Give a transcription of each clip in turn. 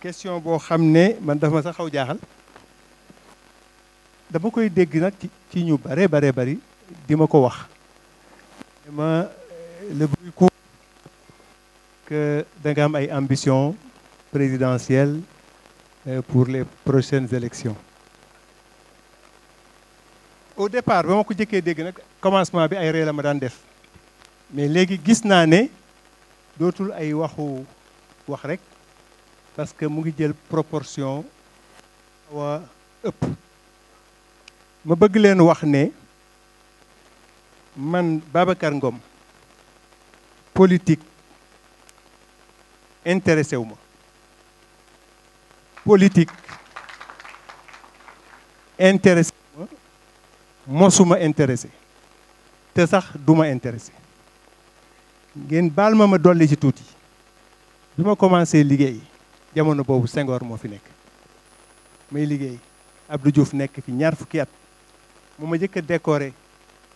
question bo xamné man dafa ma sax xaw jaaxal dama koy dégg nak ci ñu bare bare bari dima ma ko wax dama euh, le bruit court que da nga am ay ambition présidentielle euh, pour les prochaines élections au départ bama ko jëkkee dégg nak commencement bi ay ree la ma daan def mais légui gis na né dootul ay waxu wax rek parce que mon ngi jël proportion wa ëpp ma bëgg leen wax man Babacar Ngom politique intéressé wu ma politique intéressé ma mosuma intéressé te sax duma intéressé ngén baal ma ma dolli ci touti bi ma commencé liggéey jamono suis Senghor mo fi nek may liggéey Abdou Diouf nekk fi ñaar fukki at moma décoré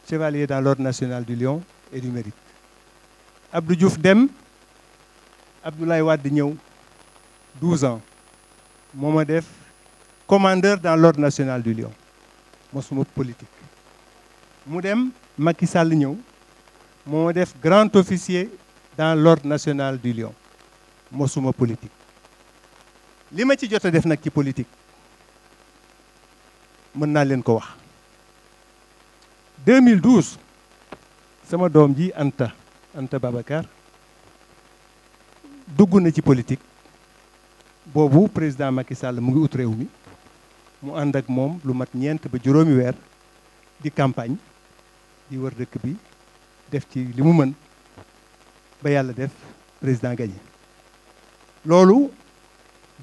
chevalier dans l'ordre national du Lion et du Mérite Abdou Diouf dem Abdoulaye Wadignou, 12 ans moma commandeur dans l'ordre national du Lion mosuma politique mu dem Macky Sall ñew grand officier dans l'ordre national du Lion mosuma politique li ma ci jot a def nag ci politique mën naa leen ko wax 2012 sama doom ji Anta Anta Babacar dugg na ci politique boobu président Macky Sall mu ngi ut réew mi mu ànd ak moom lu mat ñeent ba juróomi weer di campagne di wër dëkk bi def ci li mu mën ba yàlla def président gagné loolu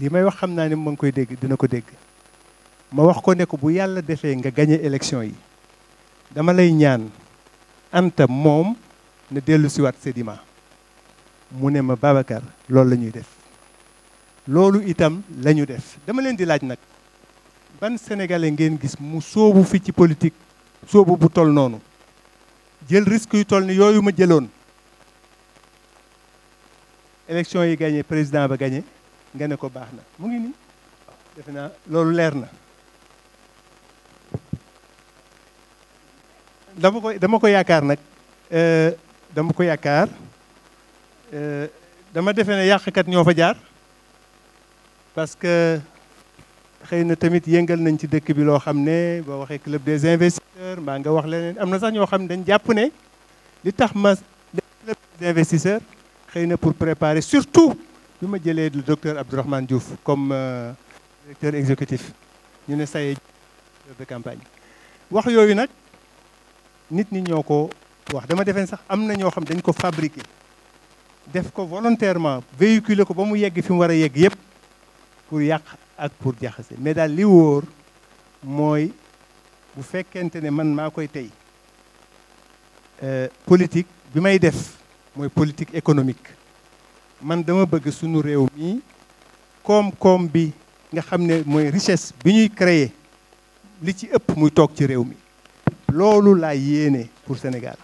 li may wax xam naa ne ma ngi koy dégg dina ko dégg ma wax ko ne ko bu yàlla defee nga gañe élection yi dama lay ñaan anta moom ne dellu siwaat Sedima mu ne ma Babacar loolu la ñuy def loolu itam la ñu def dama leen di laaj nag ban sénégalais ngeen gis mu soobu fi ci politique soobu bu toll noonu jël risque yu toll ni yooyu ma jëloon élection yi gagné président ba gagné nga ne ko baax na mu ngi ni defe naa loolu leer na dama ko dama ko yaakaar nag euh, dama ko yaakaar euh, dama defe ne yàqkat ñoo fa jaar parce que xëy na tamit yëngal nañ ci dëkk bi loo xam ne boo waxee club des investisseurs mbaa nga wax leneen am na sax ñoo xam ne dañ jàpp ne li tax ma club des investisseurs xëy na pour préparer surtout bi ma jëlee le docteur Abdourahmane Diouf comme euh, directeur exécutif ñu ne saye de campagne wax yooyu nag nit ñi ñoo ko wax dama defee sax am na ñoo xam dañ ko fabriqué def ko volontairement véhiculer ko ba mu yegg fi mu war a yegg yëpp pour yàq ak pour jaxase mais daal li wóor mooy bu fekkente ne man maa koy tey euh, politique bi may def mooy politique économique man dama bëgg suñu réew mi koom-koom bi nga xam ne mooy richesse bi ñuy créer li ci ëpp muy toog ci réew mi loolu laa yéene pour Sénégal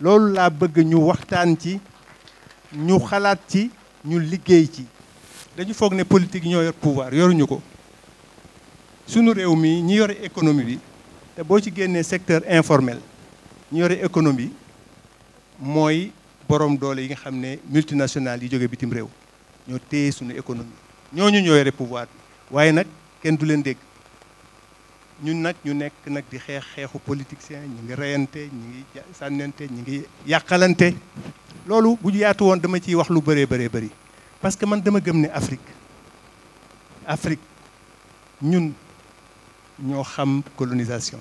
loolu laa bëgg ñu waxtaan ci ñu xalaat ci ñu liggéey ci dañu foog ne politique ñoo yor pouvoir yoruñu ko suñu réew mi ñi yore économie bi te boo ci génnee secteur informel ñi yore économie mooy borom doole yi nga xam ne multinationales yi jógee bitim réew ñoo téye suñu économie ñooñu ñoo yore pouvoir bi waaye nag kenn du leen dégg ñun nag ñu nekk nag di xeex xeexu politicien ñu ngi reyante ñu ngi sànnante ñu ngi yàqalante loolu bu yaatu woon dama ciy wax lu bëree bëree bëri parce que man dama gëm ne Afrique Afrique ñun ñoo xam colonisation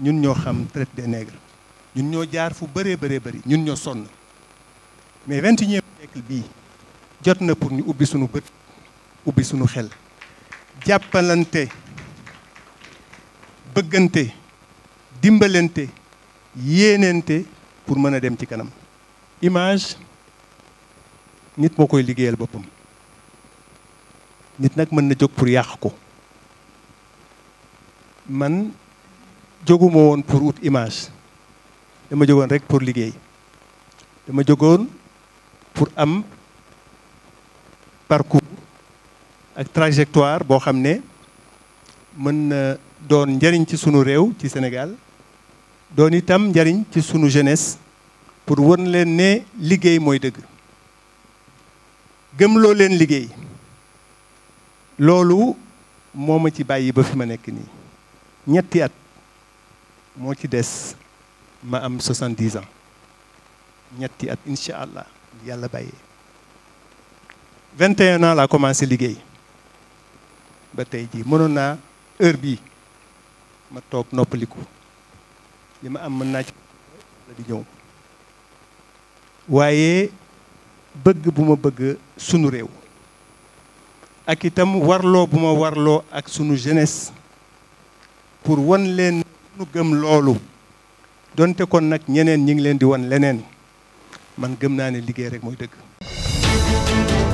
ñun ñoo xam traite des nègres ñun ñoo jaar fu bëree bëree bëri ñun ñoo sonn mais vingt et unième bii jot na pour ñu ubbi sunu bët ubbi suñu xel jàppalante bëggante dimbalante yéenente pour mën a dem ci kanam image nit moo koy liggéeyal boppam nit nag mën na jóg pour yàq ko man jóguma woon pour wut image dama jógoon rek pour liggéey dama jógoon pour am parcours ak trajectoire Je xamné mën doon njariñ ci sunu réew ci Sénégal doon itam ci sunu jeunesse pour won leen ne liggéey mooy dëgg de leen liggéey loolu moo ma ci bàyyi ba fi ma des ma am soixante ans ñetti at yàlla bàyyi 21 ans laa commencé liggéey ba tey jii mënoon naa heure bi ma toog noppaliku li ma am mën naa la di ñëw waaye bëgg bu ma bëgg sunu réew ak itam warloo bu ma warloo ak sunu jeunesse pour wan leen nu gëm loolu donte kon nag ñeneen ñi ngi leen di wan leneen man gëm naa ne liggéey rek mooy dëgg.